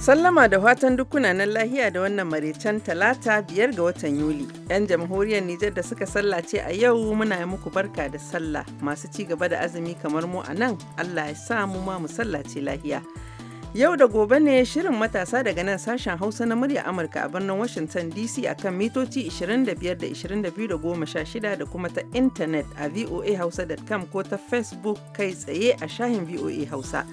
Sallama da fatan dukkunanan lahiya da wannan maraicen talata biyar ga watan Yuli. 'Yan jamhuriyar Nijar da suka sallace a yau muna yi muku barka da sallah masu ci gaba da azumi kamar mu a nan Allah ya sa mu ma mu sallace lahiya. Yau da gobe ne shirin matasa daga nan sashen Hausa na murya Amurka a birnin Washington DC akan mitoci 25 da 22 da da kuma ta intanet a voahausa.com ko ta Facebook kai tsaye a shahin VOA Hausa.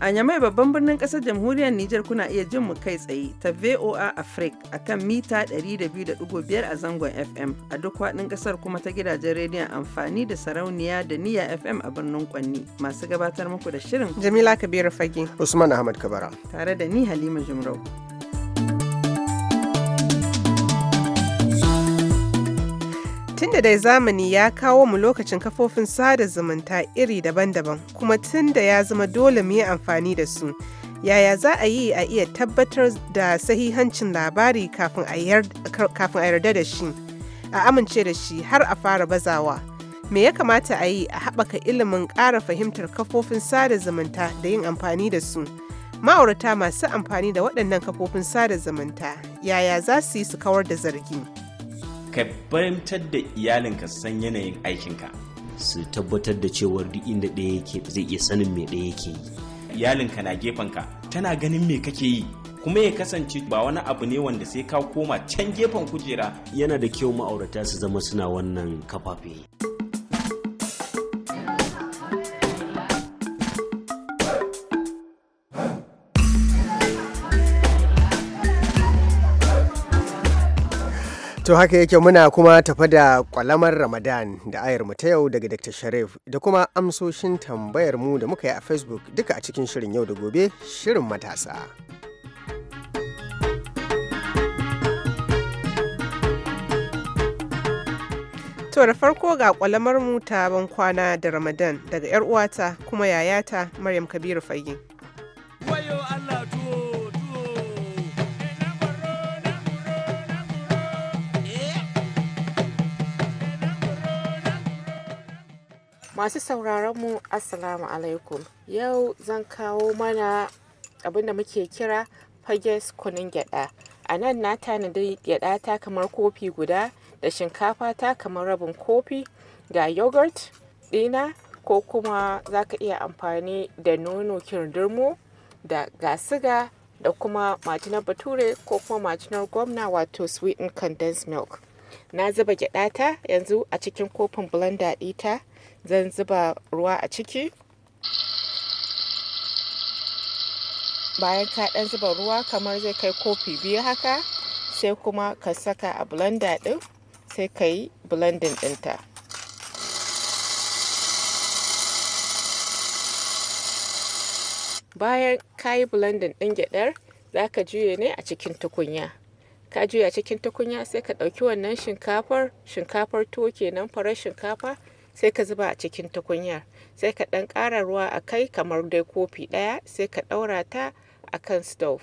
A Nyamai babban birnin ƙasar jamhuriyar Nijar kuna iya jin mu kai tsaye ta VOA Africa a kan mita 102.5 a zangon FM a duk faɗin ƙasar kuma ta gidajen rediyon amfani da sarauniya da niya FM a birnin Kwanni masu gabatar muku da shirin. Jamila Kabiru Fage. Usman Ahmad Kabara. Tare da ni Halima Jumrau. da dai zamani ya kawo mu lokacin kafofin sada zumunta iri daban-daban kuma tun da ya zama dole mu yi amfani da su. Yaya za a yi a iya tabbatar da sahihancin labari kafin a yarda da shi, a amince da shi har a fara bazawa. Me ya kamata a yi a haɓaka ilimin ƙara fahimtar kafofin sada zumunta da yin amfani da su. Ma'aurata masu amfani da waɗannan kafofin sada zumunta, yaya za su yi su kawar da zargi? ka fahimtar da iyalinka san yanayin aikinka su tabbatar da cewar duk inda ɗaya yake zai iya sanin me ɗaya yake yi iyalinka na gefenka tana ganin me kake yi kuma ya kasance ba wani abu ne wanda sai ka koma can gefen kujera yana da kyau ma'aurata su zama suna wannan kafafe. To haka yake muna kuma tafa da kwalamar Ramadan da ayar mu ta yau daga Dr. Sharif da kuma amsoshin tambayar mu da muka yi a Facebook duka a cikin shirin yau da gobe shirin matasa. To da farko ga kwalamar mu ta ban kwana da Ramadan daga 'yar uwata kuma yayata Maryam Kabiru Fage. Masu sauraron mu Assalamu alaikum. Yau zan kawo mana abinda muke kira fages kunun gyada. A nan na tanadi gyada ta kamar kofi guda da shinkafa ta kamar rabin kofi ga yogurt dina ko kuma za ka iya amfani da nono kirdirmo da ga da kuma majinar bature ko kuma majinar gwamna wato sweetened condensed milk. Na zuba gyada ta yanzu a cikin kofin blender ɗita. zan zuba ruwa a ciki bayan ka dan zuba ruwa kamar zai kai kofi biyu haka sai kuma ka saka a blender din sai ka yi blending dinta bayan ka yi blending din gyadar za ka juye ne a cikin tukunya ka juya cikin tukunya sai ka ɗauki wannan shinkafar shinkafar tuwo kenan farar shinkafa sai ka zuba a cikin tukunyar sai ka ɗan ƙara ruwa a kai kamar dai kofi ɗaya sai ka ɗaura ta a kan stove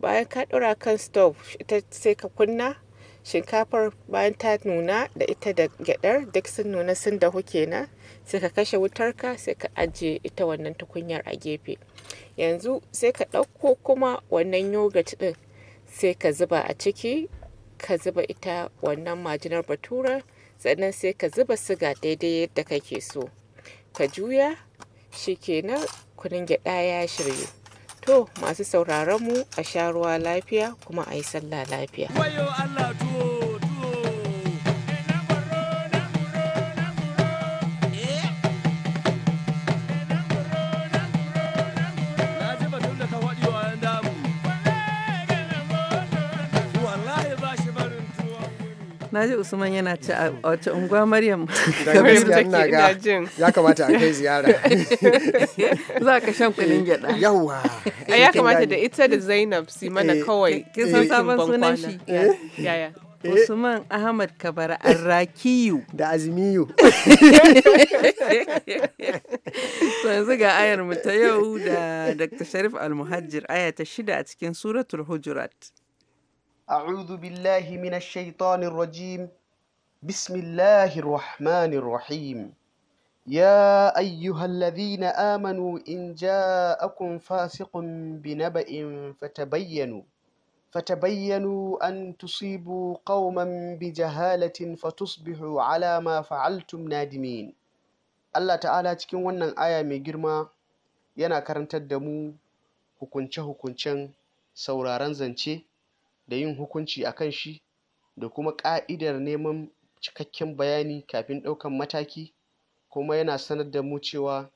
bayan ka ɗaura kan stove ita sai ka kunna shinkafar bayan ta nuna da ita da gyaɗar duk sun nuna sun dahu kenan sai ka kashe wutarka sai ka ajiye ita wannan tukunyar a gefe yanzu sai ka ɗauko kuma wannan yogurt ɗin sai ka zuba a ciki ka zuba ita wannan majinar batura sannan sai ka zuba siga daidai yadda kake so ka juya shikenan kunin gyaɗa ya shirye to masu sauraron mu a sha ruwa lafiya kuma a yi sallah lafiya na ji usman yana ci a wace unguwa maryam ga ya kamata a kai ziyara za ka shan kudin gyada yawa eh, ya kamata da ita da zainab si mana eh, kawai eh, kin san sabon sunan shi yaya Usman Ahmad Kabara Arrakiyu. Da Azmiyu. To yanzu ga ayar mu ta yau da Dr. Sharif Almuhajir aya ta shida a cikin Suratul Hujurat. أعوذ بالله من الشيطان الرجيم بسم الله الرحمن الرحيم يا أيها الذين آمنوا إن جاءكم فاسق بنبأ فتبينوا فتبينوا أن تصيبوا قوما بجهالة فتصبحوا على ما فعلتم نادمين الله تعالى تكون ونن آية ميجرما ينا yana karantar هكونش هكونشن سورا رنزنشي da yin hukunci a kan shi da kuma ƙa'idar neman cikakken bayani kafin ɗaukan mataki kuma yana sanar da mu cewa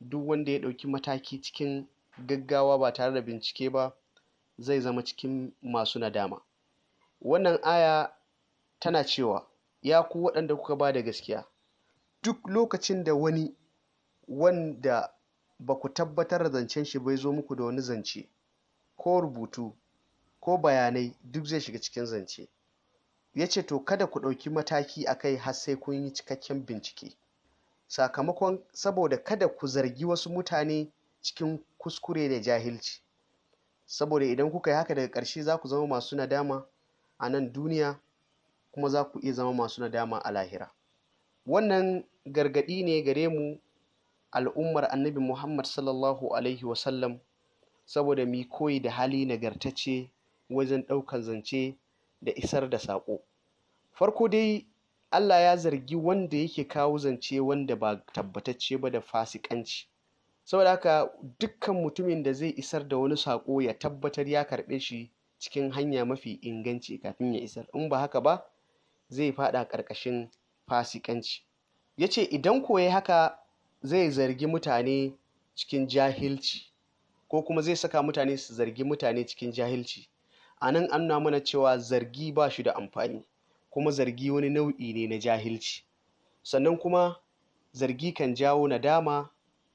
duk wanda ya ɗauki mataki cikin gaggawa ba tare da bincike ba zai zama cikin masu nadama wannan aya tana cewa ya ku waɗanda kuka ba da gaskiya duk lokacin da wani wanda ba ku tabbatar da zancen shi bai zo muku da wani zance ko rubutu ko bayanai duk zai shiga cikin zance ya ce to kada ku ɗauki mataki a kai har sai kun yi cikakken bincike sakamakon saboda kada ku zargi wasu mutane cikin kuskure da jahilci saboda idan kuka yi haka daga ƙarshe za ku zama masu nadama a nan duniya kuma za ku iya zama masu nadama a lahira wannan gargaɗi ne gare mu al'ummar annabi muhammad sallallahu alaihi wasallam saboda mi koyi da hali nagartacce wajen ɗaukar zance da isar da saƙo farko dai Allah ya zargi wanda yake kawo zance wanda ba tabbatacce ba da fasikanci saboda haka dukkan mutumin da zai isar da wani saƙo ya tabbatar ya karɓe shi cikin hanya mafi inganci kafin ya isar in ba haka ba zai faɗa ƙarƙashin fasikanci ya ce idan koya haka zai zargi mutane cikin jahilci ko kuma zai saka mutane su zargi mutane cikin jahilci a nan an nuna mana cewa zargi ba shi da amfani kuma zargi wani nau'i ne na jahilci sannan kuma zargi kan jawo nadama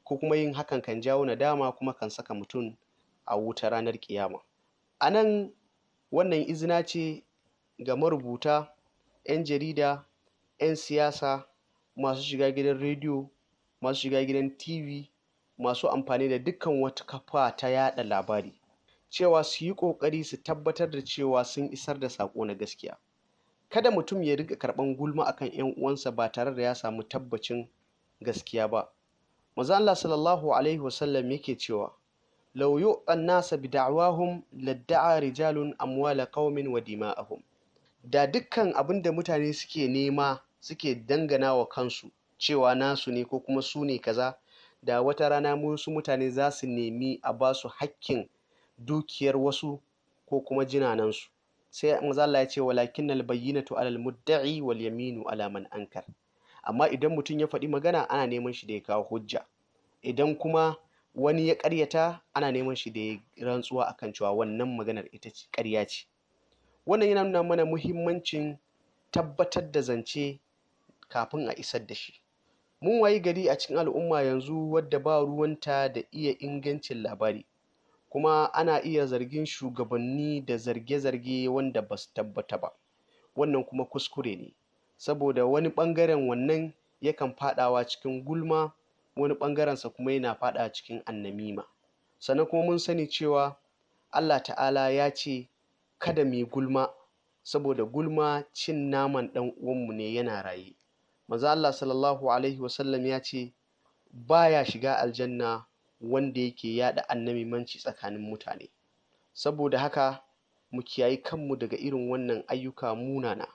ko kuma yin hakan kan jawo nadama kuma kan saka mutum a wuta ranar kiyama a nan wannan izina ce ga marubuta 'yan jarida 'yan siyasa masu shiga gidan rediyo masu shiga gidan tv masu amfani da dukkan wata kafa ta yada labari cewa su yi ƙoƙari su tabbatar da cewa sun isar da saƙo na gaskiya kada mutum ya riƙa karɓan gulma akan 'yan uwansa ba tare da ya samu tabbacin gaskiya ba maza Allah sallallahu alaihi wasallam yake cewa law yu'an nasa bi da'wahum ladda'a rijalun amwala qaumin wa dima'ahum da dukkan abin da mutane suke nema suke dangana wa kansu cewa nasu ne ko kuma su ne kaza da wata rana wasu mutane za su nemi a ba su hakkin dukiyar wasu ko kuma jinanansu sai manzo Allah ya ce walakinnal bayyinatu alal mudda'i wal yaminu ala man ankar amma idan mutum ya faɗi magana ana neman shi da ya kawo hujja idan kuma wani ya ƙaryata ana neman shi da ya rantsuwa akan cewa wannan maganar ita ce ƙarya ce wannan yana nuna mana muhimmancin tabbatar da zance kafin a isar da shi mun wayi gari a cikin al'umma yanzu wadda ba ruwanta da iya ingancin labari kuma ana iya zargin shugabanni da zarge-zarge wanda ba su tabbata ba wannan kuma kuskure ne saboda wani ɓangaren wannan yakan faɗawa cikin gulma wani ɓangarensa kuma yana faɗa cikin annamima sannan kuma mun sani cewa allah ta'ala ya ce kada mu gulma saboda gulma cin naman ɗan uwanmu ne yana raye maza allah sallallahu alaihi wasallam ya ce baya shiga aljanna wanda yake yaɗa manci tsakanin mutane saboda haka mu kiyayi kanmu daga irin wannan ayyuka munana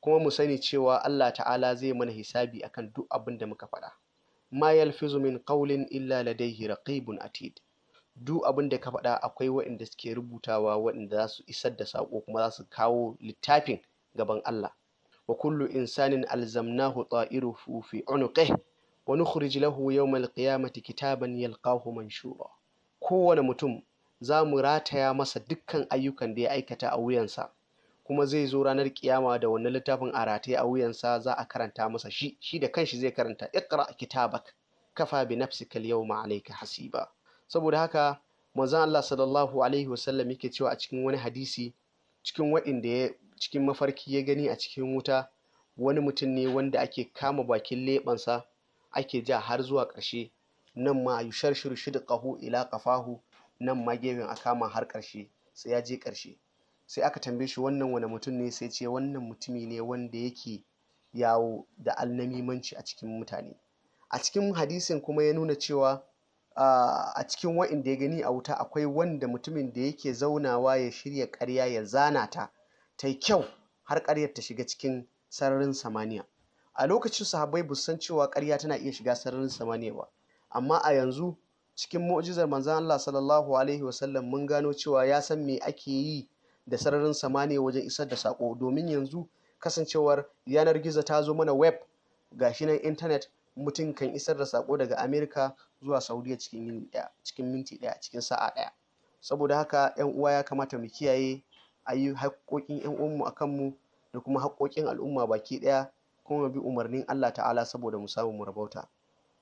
kuma mu sani cewa Allah ta'ala zai mana hisabi akan duk abin da muka faɗa ma yalfizu min qawlin illa ladayhi raqibun atid duk abin da ka faɗa akwai waɗanda suke rubutawa waɗanda za su isar da saƙo kuma za su kawo littafin gaban Allah wa kullu insanin alzamnahu ta'iruhu fi unuqih wa nukhrij lahu yawmal qiyamati kitaban yalqahu manshura kowane mutum za mu rataya masa dukkan ayyukan da ya aikata a wuyansa kuma zai zo ranar kiyama da wannan littafin a rataye a wuyansa za a karanta masa shi shi da kanshi zai karanta iqra kitabak kafa bi nafsika al-yawma alayka hasiba saboda haka manzon Allah sallallahu alaihi wasallam yake cewa a cikin wani hadisi cikin waɗanda cikin mafarki ya gani a cikin wuta wani mutum ne wanda ake kama bakin lebansa. ake ja har zuwa ƙarshe nan ma yushar shida ƙaho ila ƙafahu nan ma gefen a kama har ƙarshe sai ya je ƙarshe sai aka tambaye shi wannan wani mutum ne sai ce wannan mutumi ne wanda yake yawo da alnamimanci a cikin mutane a cikin hadisin kuma ya nuna cewa a cikin wa'inda ya gani a wuta akwai wanda mutumin da yake zaunawa ya shirya ƙarya ya zana ta ta kyau har ƙaryar ta shiga cikin sararin samaniya a lokacin sahabbai bu san cewa karya tana iya shiga sararin samaniya ba amma a yanzu cikin mu'jizar Manza'n Allah sallallahu alaihi wasallam mun gano cewa ya san me ake yi da sararin samaniya wajen isar da sako domin yanzu kasancewar yanar gizo ta zo mana web gashi nan intanet mutum kan isar da sako daga amerika zuwa saudiya cikin minti ɗaya cikin sa'a ɗaya, saboda haka yan uwa ya kamata mu kiyaye ayi haƙoƙin yan uwanmu a kanmu da kuma haƙoƙin al'umma baki ɗaya. kuma bi umarnin Allah ta'ala saboda mu samu mu rabauta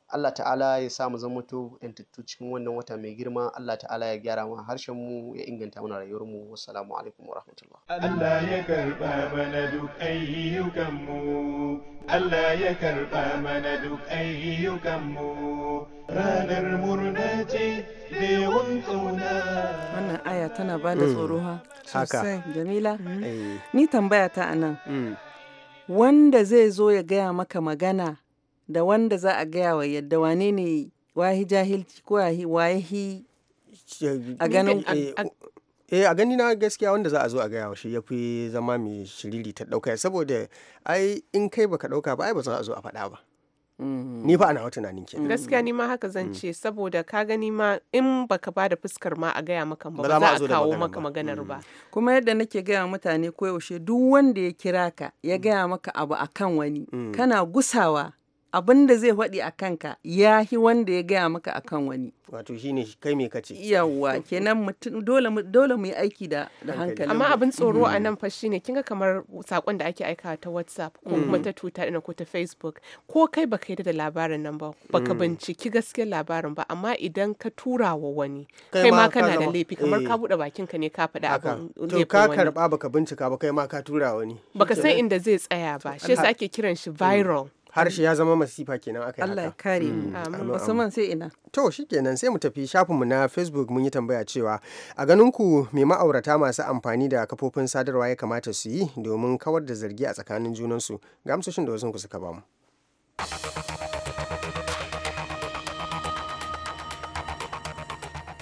Allah ta'ala ya sa mu zama to yantattu cikin wannan wata mai girma Allah ta'ala ya gyara mu harshen mu ya inganta mana rayuwar mu assalamu alaikum warahmatullah Allah ya karba mana duk ayyukan mu Allah ya karba mana duk ayyukan mu ranar murna ce da yawan kauna wannan aya tana ba da mm, tsoro ha sosai jamila eh. ni tambaya ta anan mm. wanda zai zo ya gaya maka magana da wanda za a gaya wa yadda wane ne wahi jahilci ko wahi a ganin eh a gani na gaskiya wanda za a zo a gaya wa shi ya fi zama mai shiriri ta ɗauka saboda ai in kai baka ɗauka ba ai ba za a zo a faɗa ba Mm-hmm. ni fa ana wa tunanin ke gaskiya ni ma haka zan mm. ce saboda ka gani ma in baka ba da fuskar ma a gaya maka ba za a kawo maka maganar ba mm. kuma yadda nake gaya mutane koyaushe duk wanda ya kira ka ya mm. gaya maka abu akan wani kana gusawa abin da zai faɗi a kanka ya hi wanda ya gaya maka a kan wani. Wato shine kai mai kace. Yawwa kenan mutum dole mu yi aiki da hankali. Amma abin mm-hmm. tsoro a nan fa shine kinga kamar sakon da ake aika ta WhatsApp ko kuma mm-hmm. ta Twitter ko ta Facebook ko kai baka yi da labarin nan ba baka mm. binciki gaskiyar labarin ba amma idan ka tura wa wani kai ma kana da laifi kamar ka eh. bude bakin ka ne ka faɗi abin laifin wani. To ka karba baka bincika ba kai ma ka tura wani. Baka san inda zai tsaya ba shi yasa ake kiran shi viral. harshe ya zama masifa kenan aka yi Allah kare mu musamman hmm. um, sai ina to shikenan sai mu tafi shafin mu na Facebook mun yi tambaya cewa a ganin ku me ma'aurata masu amfani da kafofin sadarwa ya kamata su yi domin kawar da zargi a tsakanin junansu ga amsoshin da wasu ku suka bamu.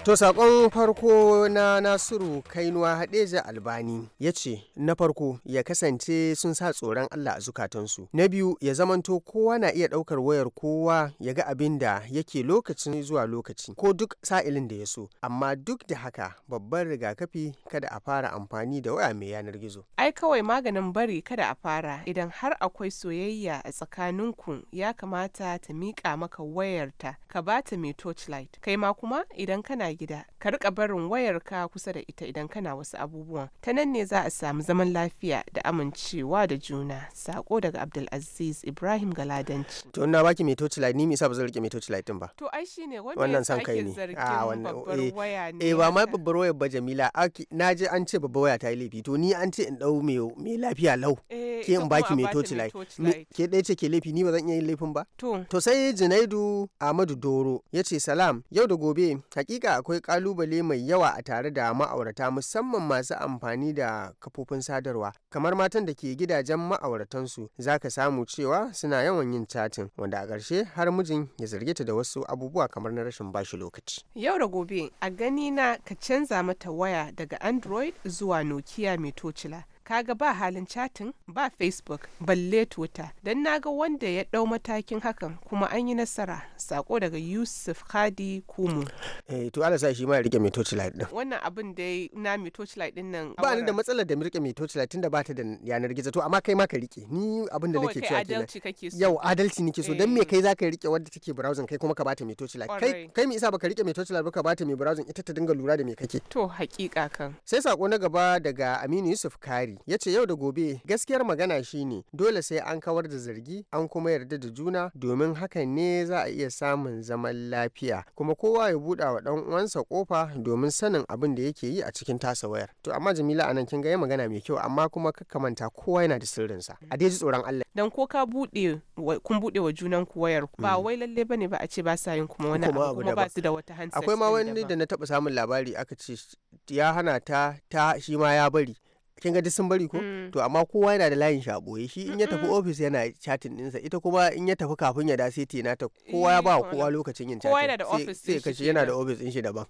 To sakon farko na Nasiru Kainuwa Hadeja Albani ya ce na farko ya kasance sun sa tsoron Allah a zukatansu. Na biyu ya zamanto kowa na iya ɗaukar wayar kowa ya ga abin da yake lokacin zuwa lokaci ko duk sa'ilin da ya so. Amma duk da haka babban rigakafi kada a fara amfani da waya mai yanar gizo. Ai kawai maganin bari kada a fara idan har akwai soyayya a tsakaninku ya kamata ta miƙa maka wayarta ka bata mai torchlight. Kai ma kuma idan kana gida ka rika barin wayarka kusa da ita idan kana wasu abubuwan ta nan ne za a samu zaman lafiya da amincewa da juna sako daga abdulaziz ibrahim galadanci to na baki mai toci ni me yasa ba zan rike mai toci din ba to ai shine wannan san kai ne a ah, wannan eh, waya ne eh ba mai babbar wayar ba jamila na je an ce babbar waya ta yi laifi to ni an ce in dau mai lafiya lau eh, ke in baki mai toci ke dai ce ke laifi ni ba zan iya yin laifin ba to sai junaidu ahmadu doro ya ce salam yau da gobe hakika akwai kalubale mai yawa a tare da ma'aurata musamman masu amfani da kafofin sadarwa kamar matan da ke gidajen ma'auratansu za ka samu cewa suna yawan yin catin wanda a ƙarshe har mijin ya zarge ta da wasu abubuwa kamar na rashin bashi lokaci. Yau da gobe a gani na ka canza mata waya daga Android zuwa Nokia mai tocila. kaga ba halin chatin ba facebook balle twitter don naga wanda ya dau matakin hakan kuma an yi nasara sako daga yusuf hadi kumu eh to ala sa shi ma rike mai torchlight din wannan abin da na mai torchlight din nan ba ni da matsalar da rike mai torchlight tunda ba ta da yanar gizo to amma kai ma ka rike ni abin da nake cewa kenan yau adalci nake so dan me eh. kai zaka rike wanda take browsing kai kuma ka bata mai torchlight kai kai me isa baka rike mai torchlight ba ka bata mai browsing ita ta dinga lura da me kake to hakika kan sai sako na gaba daga Aminu Yusuf Kari ya ce yau da gobe gaskiyar magana shine dole sai an kawar da zargi an kuma yarda da juna domin hakan ne za a iya samun zaman lafiya kuma kowa ya buɗa wa ɗan uwansa kofa domin sanin abin da yake yi a cikin tasa wayar to amma jamila anan kin ga ya magana mai kyau amma kuma manta kowa yana da sirrinsa a daji tsoron Allah dan ko ka buɗe kun buɗe wa junan ku wayar ba mm. wai lalle bane ba a ce ba sa yin kuma wani abu kuma ba su da wata hanci akwai ma wani da na taɓa samun labari aka ce ya hana ta ta shi ma ya bari kin ga duk sun bari ko mm. to amma kowa yana da layin shaboye shi in ya tafi ofis yana chatting ɗinsa ita kuma in ya tafi kafin ya da city na ta kowa ya ba kowa lokacin yin chatting sai kace yana da ofis din shi daban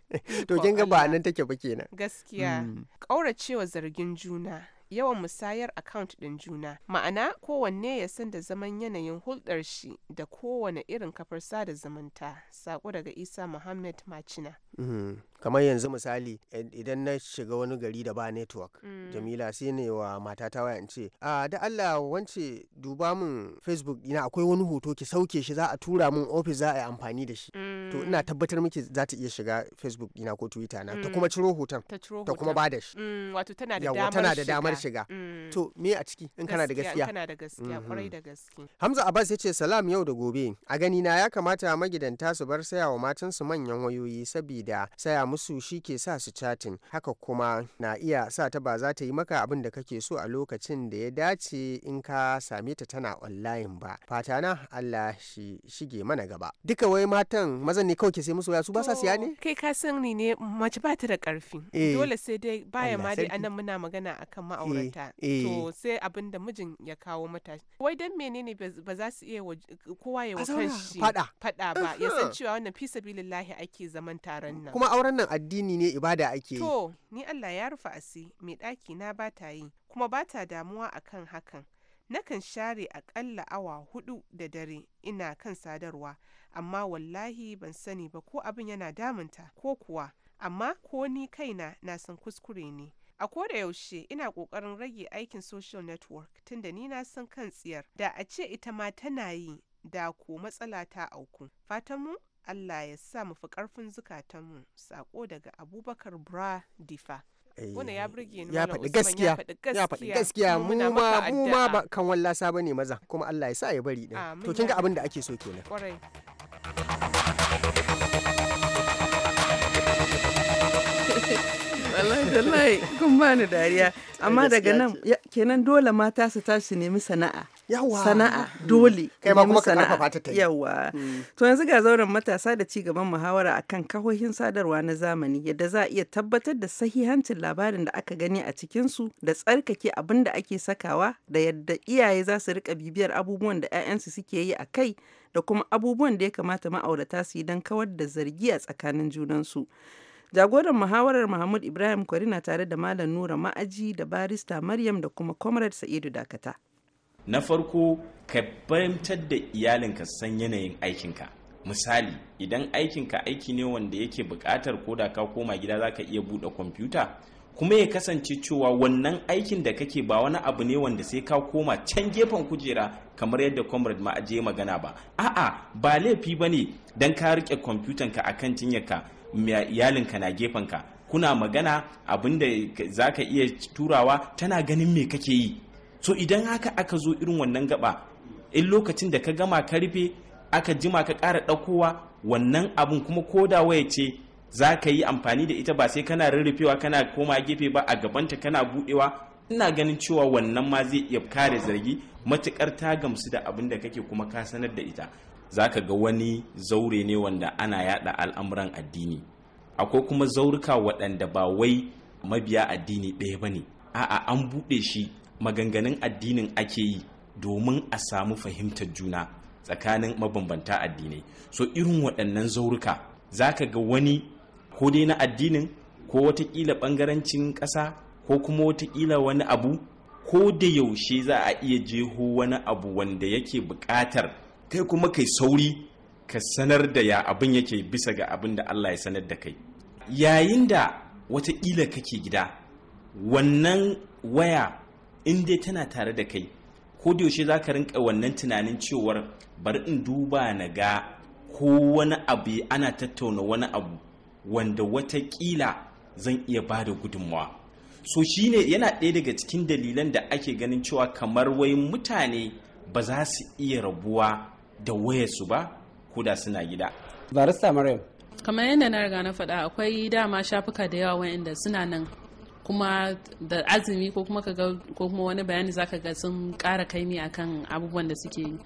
to kin ga ba nan take ba kenan gaskiya kauracewa mm. zargin juna yawan musayar account din juna ma'ana kowanne ya san da zaman yanayin hulɗar shi da kowane irin kafar sada zumunta sako daga isa muhammad macina mm. kamar yanzu misali idan na shiga wani gari da ba network mm. jamila sai ne wa matata waya in ce a da allah wance duba min facebook ina akwai wani hoto ki sauke shi za a tura min office za a yi amfani da shi to ina mm. tabbatar miki za ta iya shiga facebook ina ko twitter na ta kuma mm. ciro hoton ta kuma ba da shi wato tana da damar tana da damar shiga to me a ciki in kana da gaskiya kana da gaskiya mhm. kwarai da gaske hamza abbas ya ce salam yau da gobe a gani na ya kamata magidanta su bar saya wa matansu manyan wayoyi sabida saya musu shi ke sa su chatin haka kuma na iya sa ta ba za ta yi maka abin da kake so a lokacin da ya dace in ka same ta tana online ba fata na Allah shi shige mana gaba duka wai matan mazan ne kawai ke sai musu waya su ba sa siya ne kai ka san ni ne mace ba ta da karfi eh. dole sai dai baya ma dai anan muna magana akan eh, ma'aurata eh. to sai abin da mijin ya kawo mata wai dan menene ba za su iya kowa ya wa kanshi fada fada ba ya san cewa wannan fi sabilillahi ake zaman taron nan kuma auren wannan addini ne ibada ake To, ni Allah ya rufe asi, mai ɗaki na ba ta yi, kuma ba ta damuwa akan hakan. Nakan share aƙalla awa hudu da dare ina kan sadarwa, amma wallahi ban sani ba ko abin yana damunta ko kuwa, amma ko ni kaina na san kuskure ne. A koda yaushe ina ƙoƙarin rage aikin social network tunda ni na san kan tsiyar da a ce ita ma tana yi da ko matsala ta auku. Fatanmu Allah ya sa mu fi karfin zukatanmu sako daga Abubakar Bra Difa. wani ya burge ni ya faɗi gaskiya ya faɗi gaskiya mu ma mu ma ba kan wallasa bane maza kuma Allah ya sa ya bari din to kinga abin da ake so kenan. Kwarai. wallahi wallahi kun bani dariya amma daga nan kenan dole mata su tashi su nemi sana'a yawa sana'a hmm. dole kai ma kuma ka karfafa ta tai yawa hmm. to yanzu ga zauren matasa da ci gaban muhawara akan kahohin sadarwa na zamani yadda za a iya tabbatar da sahihancin labarin da aka gani a cikin su da tsarkake abin da ake sakawa da yadda iyaye za su rika bibiyar abubuwan da 'ya'yansu suke yi a kai da kuma abubuwan da ya kamata ma'aurata su yi don kawar da zargi a tsakanin junansu. su Jagoran muhawarar Mahmud Ibrahim Kwari na tare da Malam Nura Ma'aji da barista Maryam da kuma Comrade Sa'idu Dakata. Na farko ka fahimtar da iyalinka san yanayin aikinka. Misali, idan aikinka aiki ne wanda yake buƙatar ko da ka koma gida zaka iya buɗe kwamfuta, kuma ya kasance cewa wannan aikin da kake ba wani abu ne wanda sai ka koma can gefen kujera kamar yadda comrade ma aje magana ba a'a ba laifi ba ne don ka rike kwamfutanka a kan cinyarka iyalinka na gefen ka kuna magana abinda za ka iya turawa tana ganin me kake yi so idan haka aka zo irin wannan gaba in lokacin da ka gama ka rufe aka jima ka ƙara ɗaukowa wannan abin kuma ko da waya ce za ka yi amfani da ita ba sai kana rurrufewa kana koma gefe ba a gabanta kana buɗewa ina ganin cewa wannan ma zai iya kare zargi matukar ta gamsu da abin da kake kuma ka sanar da ita zaka ga wani zaure ne wanda ana yada al'amuran addini akwai kuma zaurika waɗanda ba wai mabiya addini ɗaya ba ne a'a an buɗe shi maganganun addinin ake yi domin a samu fahimtar juna tsakanin mabambanta addinai so irin waɗannan zaurika za ka ga wani ko dai na addinin ko watakila ɓangarancin ƙasa ko kuma watakila wani abu ko da yaushe za a iya jeho wani abu wanda yake buƙatar kai kuma kai sauri ka sanar da ya abin yake bisa ga abin da Allah ya sanar da kai yayin da wataƙila kake gida wannan waya in dai tana tare da kai ko da yaushe za ka rinka wannan tunanin cewar bari in duba na ga ko wani abu ana tattauna wani abu wanda watakila zan iya ba da gudunmawa so shine yana ɗaya daga cikin dalilan da ake ganin cewa kamar wai mutane ba za su iya rabuwa da wayarsu ba da suna gida. barista maryam kamar yadda na riga na faɗa akwai dama shafuka da yawa wa'anda suna nan kuma da azumi ko kuma ko kuma wani bayani zaka ga sun ƙara kaimi akan abubuwan da suke yi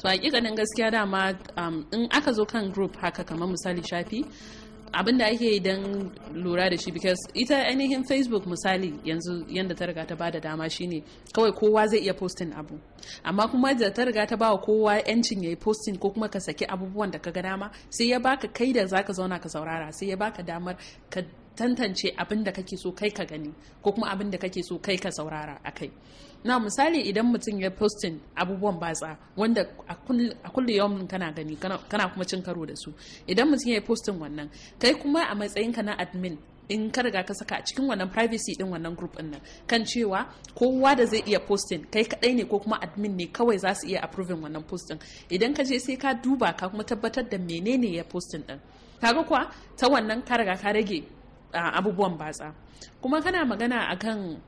to hakikanin gaskiya dama um, in aka zo kan group haka kamar misali shafi abin da ake don lura da shi because ita ainihin facebook misali yanzu yadda ta riga ta bada dama shine kawai kowa zai iya postin abu amma kuma da ta riga ta bawa kowa yancin ya yi postin ko kuma ka saki abubuwan da ka ga dama sai ya baka kai da za ka zauna ka saurara sai ya baka damar ka tantance abin da kake so kai ka gani ko kuma abin da kake so kai ka saurara a kai na misali idan mutum ya posting abubuwan batsa wanda a kulle yawan kana gani kana kuma cin karo da su idan mutum ya postin wannan kai kuma a matsayinka na admin in ka riga ka saka a cikin wannan privacy din wannan group din kan cewa kowa da zai iya posting kai kadai ne ko kuma admin ne kawai za su iya approving wannan posting idan ka je sai ka duba ka kuma tabbatar da menene ya posting din ga kuwa ta wannan ka riga ka rage ah, abubuwan batsa kuma kana magana akan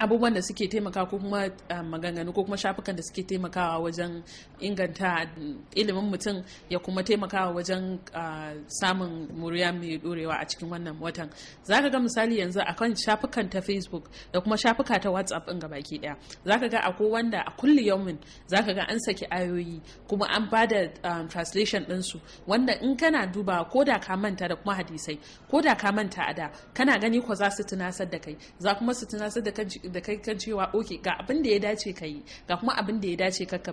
abubuwan da suke taimaka ko kuma ah, maganganu ko kuma shafukan da suke taimakawa wajen inganta ilimin mutum ya kuma taimakawa wajen ah, samun murya mai dorewa a cikin wannan watan zaka ga misali yanzu akan shafukan ta facebook da kuma shafuka ta whatsapp in gabaki daya zaka ga akwai wanda a kulli za zaka ga an saki ayoyi kuma an ba da ah, translation su wanda in kana duba ko da ka manta da kuma hadisai ko da ka manta a da kana gani ko za su tunasar da kai za kuma su tunasar da kai da kai kan cewa ok ga abin da ya dace ka yi ga kuma abin da ya dace ka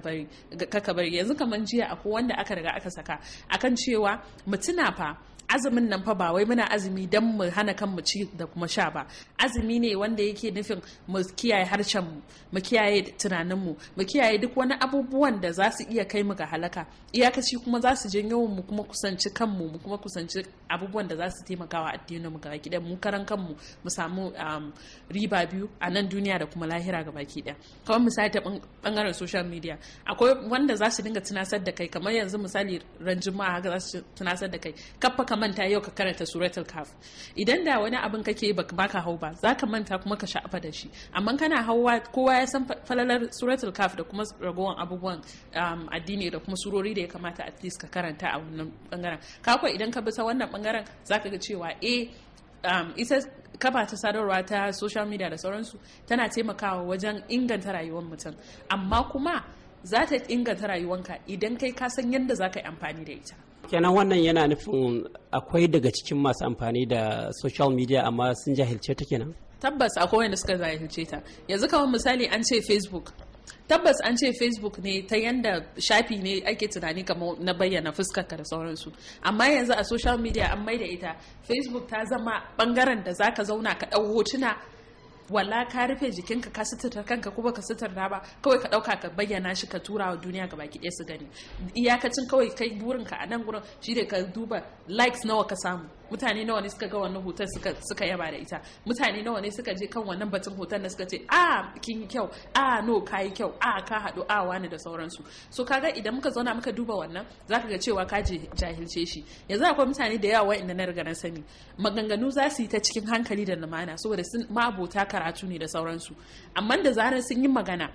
bari yanzu kamar jiya akwai wanda aka riga aka saka akan cewa mutuna fa azumin nan fa ba wai muna azumi don mu hana kan mu ci da kuma sha ba azumi ne wanda yake nufin mu kiyaye harshen mu mu kiyaye tunanin mu mu kiyaye duk wani abubuwan da za su iya kai mu ga halaka iyakaci kuma za su janyo mu kuma kusanci kanmu mu kuma kusanci abubuwan da za su taimaka wa addinin mu gaba kidan mu karan kanmu mu samu um, riba biyu a nan duniya da kuma lahira gaba kidan kamar misali ta bangaren social media akwai wanda za su dinga tunasar da kai kamar yanzu misali ran juma'a haka za su tunasar da kai kafa ka manta yau ka karanta suratul kaf idan da wani abin kake ba ka hau ba za ka manta kuma ka sha'afa da shi amma kana hauwa kowa ya san falalar suratul kaf da kuma ragowar abubuwan um, addini da kuma surori da ya kamata at least ka karanta a wannan bangaren kakwa idan ka bi ta wannan bangaren za ka ga cewa e ita kafa ta sadarwa ta social media da sauransu tana taimakawa wajen inganta rayuwar mutum amma kuma za ta inganta rayuwanka idan kai ka san yadda za ka yi amfani da ita kenan wannan yana nufin akwai daga cikin masu amfani da social media amma sun jahilce ta kenan tabbas akwai wanda suka jahilce ta yanzu kamar misali an ce facebook tabbas an ce facebook ne ta yanda shafi ne ake tunani kamar na bayyana fuskar ka da sauransu amma yanzu a social media an mai da ita facebook ta zama bangaren da zaka zauna ka ɗau hotuna wala ka rufe jikinka ka sutura kanka kuma ka sutura ba kawai ka dauka ka bayyana shi ka tura wa duniya ga baki ɗaya su gani iyakacin kawai kai burinka a nan gurin shi ka duba likes nawa ka samu mutane nawa ne suka ga wannan hoton suka yaba da ita mutane nawa ne suka je kan wannan batun hoton da suka ce a kin yi kyau a no ka yi kyau a ka haɗu a wani da sauransu so kaga idan muka zauna muka duba wannan zaka ga cewa ka jahilce shi yanzu akwai mutane da yawa inda na riga na sani maganganu za su yi ta cikin hankali da lumana saboda sun ma'abota karatu ne da sauransu amma da zarar sun yi magana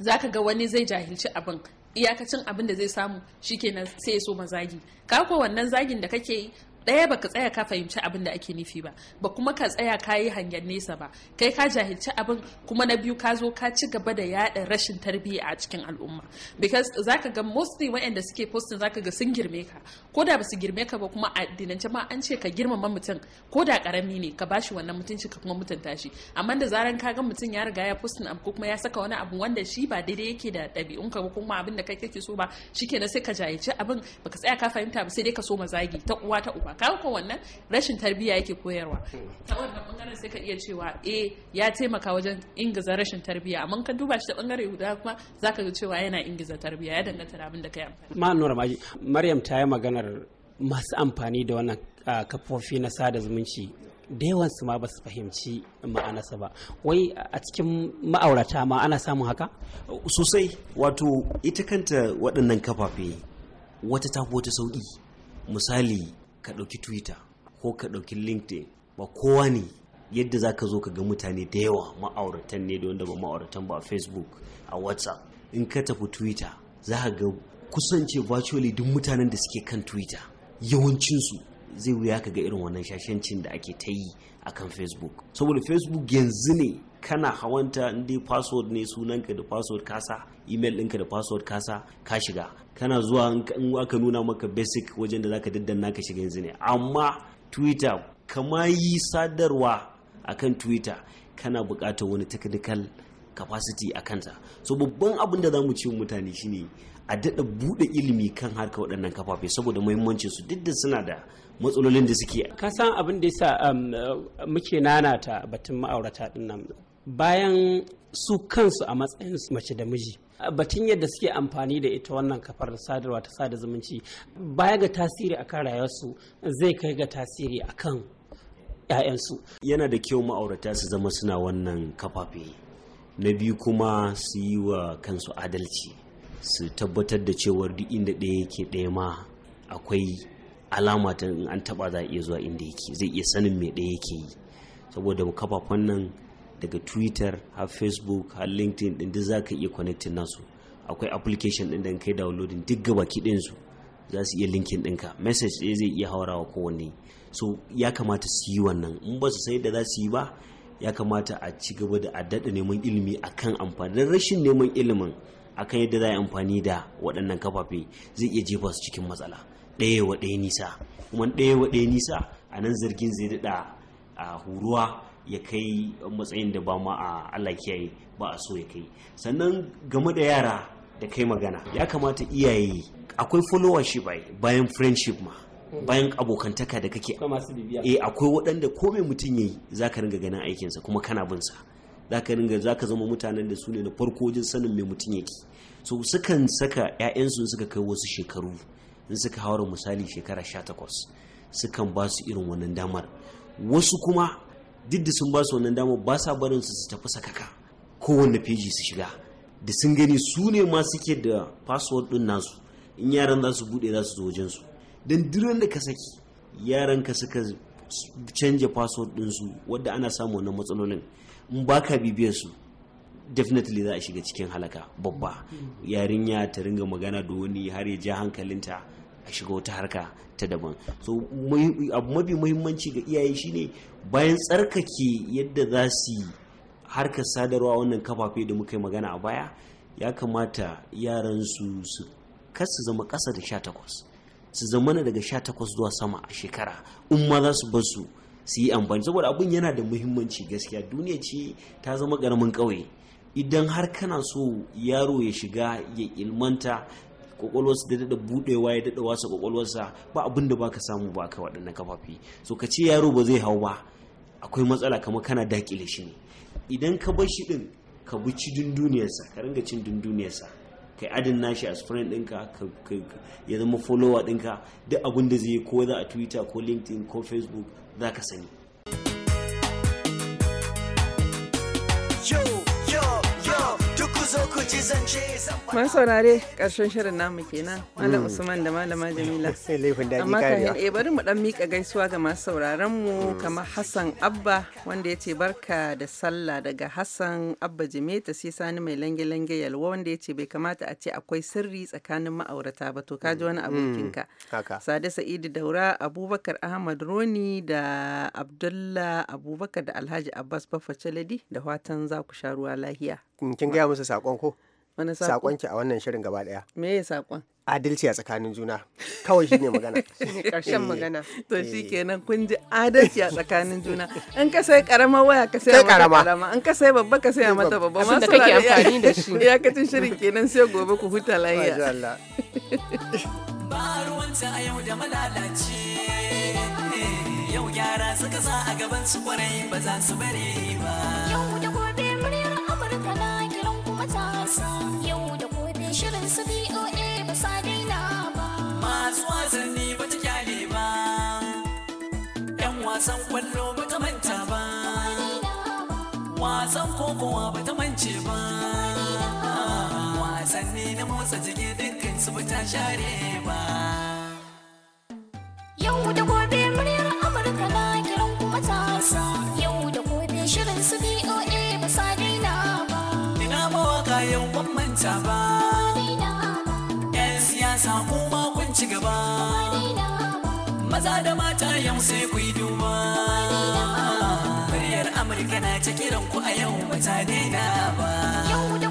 zaka ga wani zai jahilci abin iyakacin abin da zai samu shikenan sai ya so mazagi ka wannan zagin da kake yi ɗaya baka tsaya ka fahimci abin da ake nufi ba ba kuma ka tsaya ka yi hangen nesa ba kai ka jahilci abin kuma na biyu ka zo ka ci gaba da yaɗa rashin tarbiyya a cikin al'umma because zaka ga mostly waɗanda suke posting zaka ga sun girme ka ko da ba su girme ka ba kuma a dinance ma an ce ka girmama mutum ko da karami ne ka bashi wannan mutunci ka kuma mutunta shi amma da zaran ka ga mutum ya riga ya posting abu kuma ya saka wani abu wanda shi ba daidai yake da ɗabi'un ka ba kuma abin da kake so ba shikenan sai ka jahilci abin baka tsaya ka fahimta ba sai dai ka so mazagi ta uwa ta uba koyarwa wannan rashin tarbiyya yake koyarwa ta wannan bangaren sai ka iya cewa eh ya taimaka wajen ingiza rashin tarbiyya amma ka duba shi ta bangare guda kuma zaka ga cewa yana ingiza tarbiyya ya danganta da abin da kai amfani ma nura maji maryam ta yi maganar masu amfani da wannan kafofi na sada zumunci da yawan su ma basu fahimci ma'anarsa ba wai a cikin ma'aurata ma ana samun haka sosai wato ita kanta waɗannan kafafe wata tafi wata sauƙi misali ka ɗauki twitter ko ka ɗauki linkedin ba kowa ne yadda za ka zo ka ga mutane da yawa ma'auratan ne da wanda ba ma'auratan ba a facebook a whatsapp in ka tafi twitter za ka ga kusance virtually duk mutanen da suke kan twitter yawancinsu zai wuya ka ga irin wannan shashancin da ake ta yi a kan facebook saboda facebook yanzu ne kana hawanta ta password ne sunanka da password kasa email ɗinka da password kasa ka shiga kana zuwa in aka nuna maka basic wajen da zaka daddanna ka shiga yanzu ne amma twitter kama yi sadarwa akan twitter kana buƙatar wani technical capacity a kanta so babban abin da za mu ci mutane shine a daɗa buɗe ilimi kan harka waɗannan kafafe saboda muhimmancin su duk da suna da matsalolin da suke ka san abin da yasa um, muke nanata batun ma'aurata ɗin nan bayan su kansu a matsayin mace da miji batun yadda suke amfani da ita wannan kafar sadarwa ta sada zumunci baya ga tasiri akan rayuwarsu zai kai ga tasiri akan 'ya'yansu yana da kyau ma'aurata su zama suna wannan kafafe na biyu kuma su yi wa kansu adalci su tabbatar da cewar duk inda ɗaya yake ɗaya ma akwai alama ta in an taba za a iya zuwa inda yake zai iya sanin me ɗaya yake yi saboda kafafen nan daga twitter har facebook har linkedin din duk za ka iya connectin nasu akwai application din da kai downloading duk gaba ɗin su za su iya linkin ɗinka message ɗaya zai iya haurawa kowanne so ya kamata su yi wannan in ba su sai da za su yi ba ya kamata a ci gaba da addada neman ilimi akan amfani don rashin neman ilimin akan yadda za a yi amfani da waɗannan kafafe zai iya jefa su cikin matsala ɗaya wa ɗaya nisa kuma ɗaya wa ɗaya nisa a nan zargin zai daɗa a huruwa ya kai matsayin da ba ma a Allah kiyaye ba a so ya kai sannan game da yara da kai magana ya kamata iyaye akwai followership bayan friendship ma bayan abokantaka da kake eh akwai waɗanda ko mai mutum yayi zaka ringa ganin aikinsa kuma kana bin sa zaka ringa zaka zama mutanen da su ne na farko wajen sanin mai mutum yake so sukan saka ƴaƴansu suka kai wasu shekaru in suka hawar misali shekara 18 sukan ba su irin wannan damar wasu kuma duk sun ba su wannan damar ba sa barin su su tafi sakaka kowanne feji su shiga da sun gani su ne ma suke da password din nasu in yaran za su bude za su zo wajen su dan duran da ka saki yaran ka suka canja password din su wanda ana samu wannan matsalolin in baka bibiyar su definitely za a shiga cikin halaka babba yarinya ta ringa magana da wani har ya ja hankalinta a shiga wata harka ta daban so abu mafi muhimmanci ga iyaye shine bayan tsarkake yadda za su yi harkar sadarwa wannan kafafe da muka yi magana a baya ya kamata yaran su su kasu zama kasa da sha takwas su zama daga sha takwas zuwa sama a shekara in ma za su basu su su yi amfani saboda abun yana da muhimmanci gaskiya duniya ce ta zama ƙaramin ƙauye idan har kana so yaro ya shiga ya ilmanta kwakwalwarsa da daɗa buɗewa ya daɗa wasa kwakwalwarsa ba abin da baka samu ba ka waɗannan kafafi so ka ce yaro ba zai hau ba akwai matsala kamar kana dakile shi ne idan ka bar shi ɗin ka bi ci dunduniyarsa ka ringa cin dunduniyarsa kai adin nashi a sufurin ɗinka ya zama follower ɗinka duk abin da zai ko za a twitter ko linkedin ko facebook za ka sani Joe. Man saurare ƙarshen shirin namu kenan Malam mm. Usman da Malama Jamila. Amma kafin eh bari mu dan mika gaisuwa ga masu sauraron mu mm. kamar Hassan Abba wanda ya ce barka da sallah daga Hassan Abba ta sai sani mai lange-lange yalwa wanda ya ce bai kamata a ce akwai sirri tsakanin ma'aurata ba to kaji mm. wani abokinka. Sade Sa'idu Daura Abubakar Ahmad Roni da Abdullah Abubakar da Alhaji Abbas Baffa Chaladi da watan za ku sha ruwa lahiya. Mm, kin gaya musu sakon ko sakon ki a wannan shirin gaba daya me ya sakon adalci a tsakanin juna kawai shine magana shine karshen eh. magana to eh. shi kenan kun ji adalci a tsakanin juna in ka sai karama waya ka sai karama karama in ka sai babba ka sai mata babba ma da kake amfani da shi iyakacin shirin kenan sai gobe ku huta lafiya masha Allah ba ruwanta a yau da malalaci eh, yau gyara suka sa a gaban su kwarai ba za su bari ba kowa ba ta mance ba wasanni na motsa jiki dukkan su ta share ba yau da gobe muryar amurka na kiran kuma ta yau da gobe shirin su boa ba sa daina ba ina mawaka yau ban manta ba yan siyasa kuma kun ci gaba maza da mata yau sai ku yi duba Amurka na ta kiran ku a yau ta daina ba. Yau